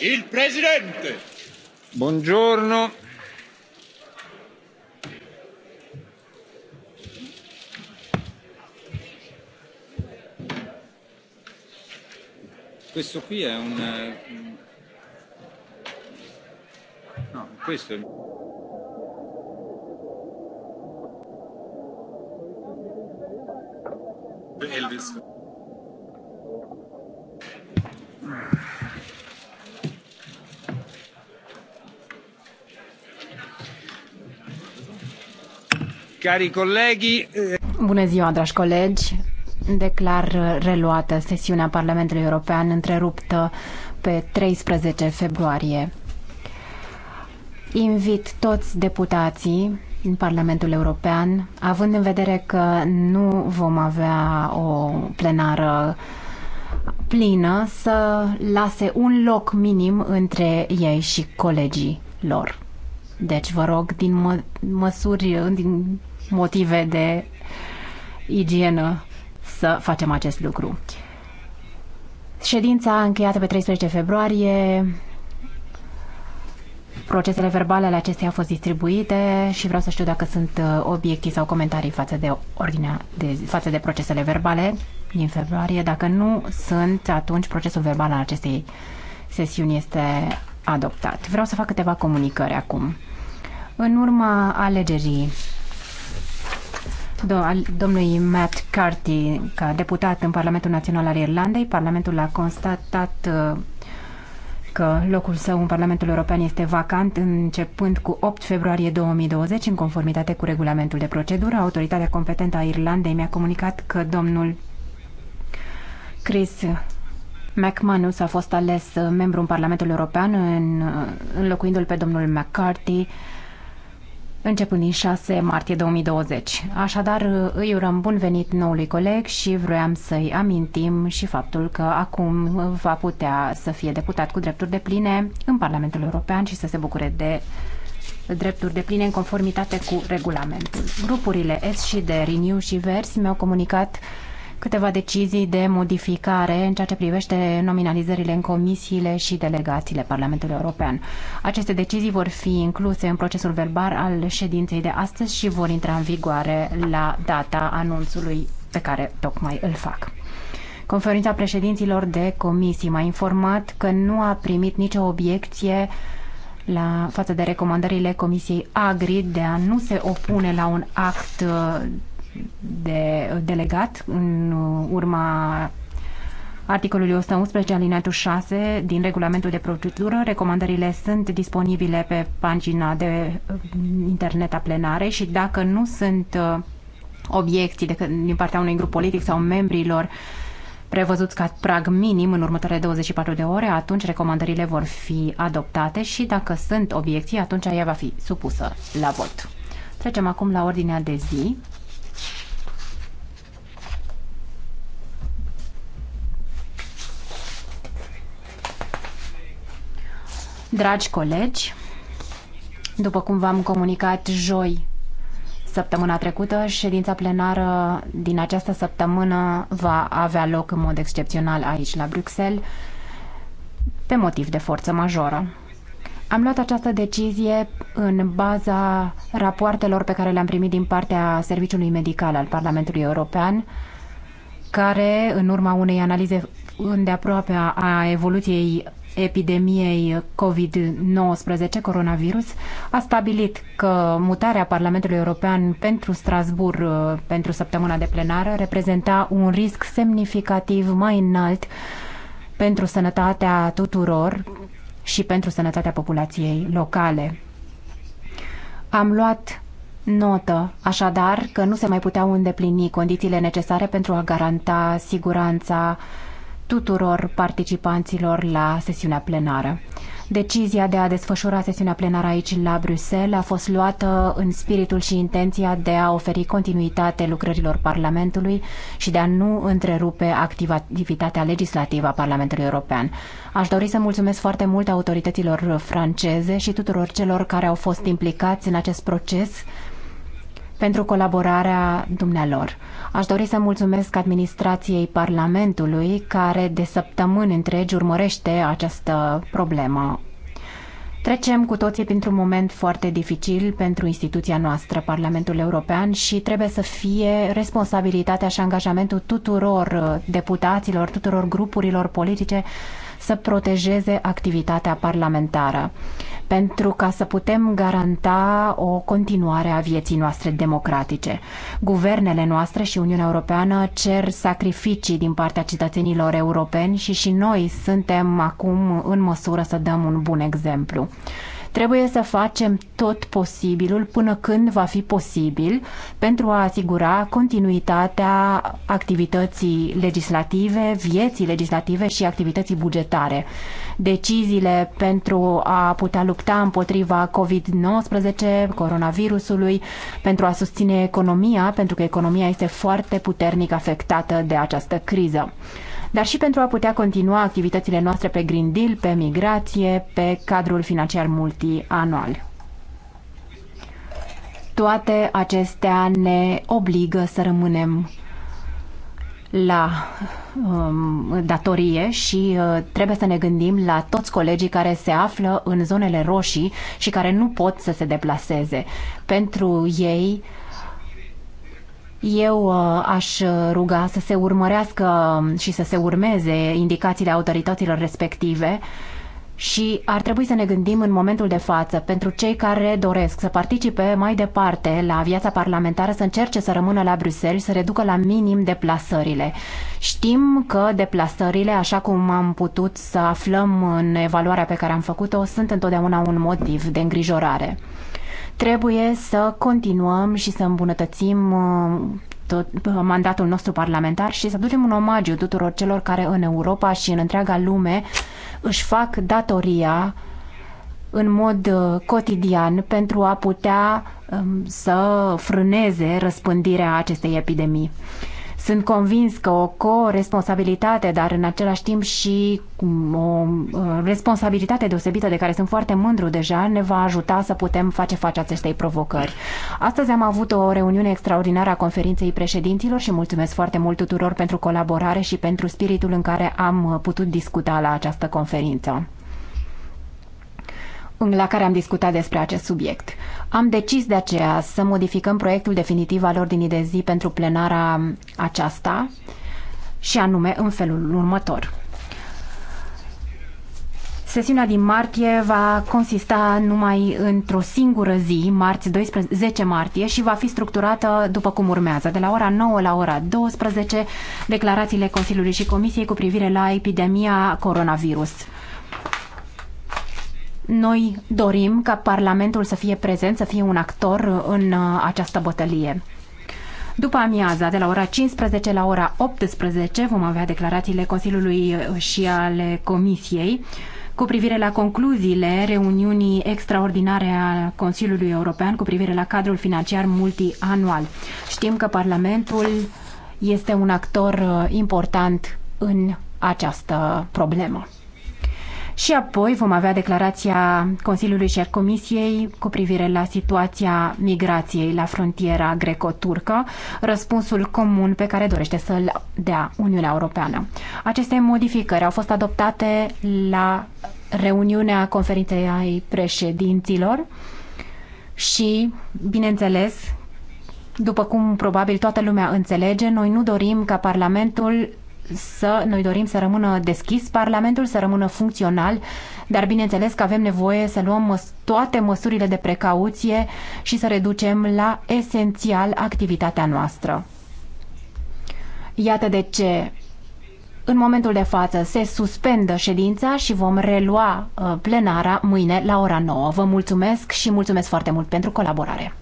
Il presidente. Buongiorno. Questo qui è un eh, No, questo è Elvis. Eh, Bună ziua, dragi colegi! Declar reluată sesiunea Parlamentului European întreruptă pe 13 februarie. Invit toți deputații în Parlamentul European, având în vedere că nu vom avea o plenară plină, să lase un loc minim între ei și colegii lor. Deci vă rog din mă, măsuri, din motive de igienă să facem acest lucru. Ședința încheiată pe 13 februarie Procesele verbale ale acesteia au fost distribuite și vreau să știu dacă sunt uh, obiectii sau comentarii față de ordinea de, față de procesele verbale din februarie. Dacă nu sunt, atunci procesul verbal al acestei sesiuni este adoptat. Vreau să fac câteva comunicări acum. În urma alegerii al domnului Matt Carty ca deputat în Parlamentul Național al Irlandei. Parlamentul a constatat uh, că locul său în Parlamentul European este vacant începând cu 8 februarie 2020 în conformitate cu regulamentul de procedură. Autoritatea competentă a Irlandei mi-a comunicat că domnul Chris McManus a fost ales uh, membru în Parlamentul European în, uh, înlocuindu-l pe domnul McCarthy începând din 6 martie 2020. Așadar, îi urăm bun venit noului coleg și vroiam să-i amintim și faptul că acum va putea să fie deputat cu drepturi de pline în Parlamentul European și să se bucure de drepturi de pline în conformitate cu regulamentul. Grupurile S și de Renew și Vers mi-au comunicat câteva decizii de modificare în ceea ce privește nominalizările în comisiile și delegațiile Parlamentului European. Aceste decizii vor fi incluse în procesul verbal al ședinței de astăzi și vor intra în vigoare la data anunțului pe care tocmai îl fac. Conferința președinților de comisii m-a informat că nu a primit nicio obiecție la față de recomandările Comisiei Agri de a nu se opune la un act uh, de uh, delegat în uh, urma articolului 111 alineatul 6 din regulamentul de procedură. Recomandările sunt disponibile pe pagina de uh, internet a plenarei și dacă nu sunt obiecții de, din partea unui grup politic sau membrilor prevăzuți ca prag minim în următoarele 24 de ore, atunci recomandările vor fi adoptate și dacă sunt obiecții, atunci ea va fi supusă la vot. Trecem acum la ordinea de zi. Dragi colegi, după cum v-am comunicat joi săptămâna trecută, ședința plenară din această săptămână va avea loc în mod excepțional aici la Bruxelles pe motiv de forță majoră. Am luat această decizie în baza rapoartelor pe care le-am primit din partea Serviciului Medical al Parlamentului European, care, în urma unei analize îndeaproape a evoluției epidemiei COVID-19, coronavirus, a stabilit că mutarea Parlamentului European pentru Strasbourg uh, pentru săptămâna de plenară reprezenta un risc semnificativ mai înalt pentru sănătatea tuturor și pentru sănătatea populației locale. Am luat Notă, așadar, că nu se mai puteau îndeplini condițiile necesare pentru a garanta siguranța tuturor participanților la sesiunea plenară. Decizia de a desfășura sesiunea plenară aici la Bruxelles a fost luată în spiritul și intenția de a oferi continuitate lucrărilor Parlamentului și de a nu întrerupe activitatea legislativă a Parlamentului European. Aș dori să mulțumesc foarte mult autorităților franceze și tuturor celor care au fost implicați în acest proces pentru colaborarea dumnealor. Aș dori să mulțumesc administrației Parlamentului care de săptămâni întregi urmărește această problemă. Trecem cu toții printr-un moment foarte dificil pentru instituția noastră, Parlamentul European, și trebuie să fie responsabilitatea și angajamentul tuturor uh, deputaților, tuturor grupurilor politice să protejeze activitatea parlamentară pentru ca să putem garanta o continuare a vieții noastre democratice. Guvernele noastre și Uniunea Europeană cer sacrificii din partea cetățenilor europeni și și noi suntem acum în măsură să dăm un bun exemplu. Trebuie să facem tot posibilul până când va fi posibil pentru a asigura continuitatea activității legislative, vieții legislative și activității bugetare. Deciziile pentru a putea lupta împotriva COVID-19, coronavirusului, pentru a susține economia, pentru că economia este foarte puternic afectată de această criză dar și pentru a putea continua activitățile noastre pe Green Deal, pe migrație, pe cadrul financiar multianual. Toate acestea ne obligă să rămânem la um, datorie și uh, trebuie să ne gândim la toți colegii care se află în zonele roșii și care nu pot să se deplaseze. Pentru ei, uh, eu uh, aș ruga să se urmărească și să se urmeze indicațiile autorităților respective și ar trebui să ne gândim în momentul de față, pentru cei care doresc să participe mai departe la viața parlamentară, să încerce să rămână la Bruxelles, să reducă la minim deplasările. Știm că deplasările, așa cum am putut să aflăm în evaluarea pe care am făcut-o, sunt întotdeauna un motiv de îngrijorare. Trebuie să continuăm și să îmbunătățim uh, tot uh, mandatul nostru parlamentar și să ducem un omagiu tuturor celor care în Europa și în întreaga lume își fac datoria în mod uh, cotidian pentru a putea um, să frâneze răspândirea acestei epidemii. Sunt convins că o co-responsabilitate, dar în același timp și o uh, responsabilitate deosebită de care sunt foarte mândru deja, ne va ajuta să putem face față acestei provocări. Astăzi am avut o reuniune extraordinară a conferinței președinților și mulțumesc foarte mult tuturor pentru colaborare și pentru spiritul în care am uh, putut discuta la această conferință la care am discutat despre acest subiect. Am decis de aceea să modificăm proiectul definitiv al ordinii de zi pentru plenara aceasta și anume în felul următor. Sesiunea din martie va consista numai într-o singură zi, marți 12, 10 martie, și va fi structurată după cum urmează. De la ora 9 la ora 12, declarațiile Consiliului și Comisiei cu privire la epidemia coronavirus noi dorim ca Parlamentul să fie prezent, să fie un actor în uh, această bătălie. După amiaza, de la ora 15 la ora 18, vom avea declarațiile Consiliului uh, și ale Comisiei cu privire la concluziile reuniunii extraordinare a Consiliului European cu privire la cadrul financiar multianual. Știm că Parlamentul este un actor uh, important în această problemă și apoi vom avea declarația Consiliului și a Comisiei cu privire la situația migrației la frontiera greco-turcă, răspunsul comun pe care dorește să-l dea Uniunea Europeană. Aceste modificări au fost adoptate la reuniunea conferinței ai președinților și, bineînțeles, după cum probabil toată lumea înțelege, noi nu dorim ca Parlamentul să noi dorim să rămână deschis Parlamentul, să rămână funcțional, dar bineînțeles că avem nevoie să luăm toate măsurile de precauție și să reducem la esențial activitatea noastră. Iată de ce în momentul de față se suspendă ședința și vom relua uh, plenara mâine la ora 9. Vă mulțumesc și mulțumesc foarte mult pentru colaborare.